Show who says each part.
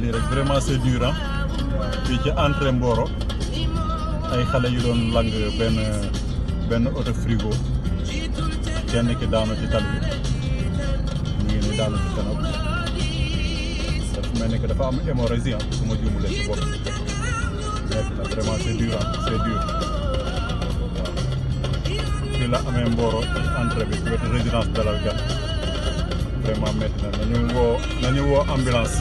Speaker 1: lii rek vraiment c'est dur ci entrée Mboro ay xale yu doon lang benn benn oto frigo kenn ki daanu ci tali bi mu ngi ni daanu ci kanam dafa mel ni que dafa am
Speaker 2: hémorragie ah su ma juumalee ci bopp nekk na vraiment c'est dur
Speaker 3: ah amee Mboro entrée bi ci wetu résidence Dalal Gan vraiment métti na nañu woo ambulance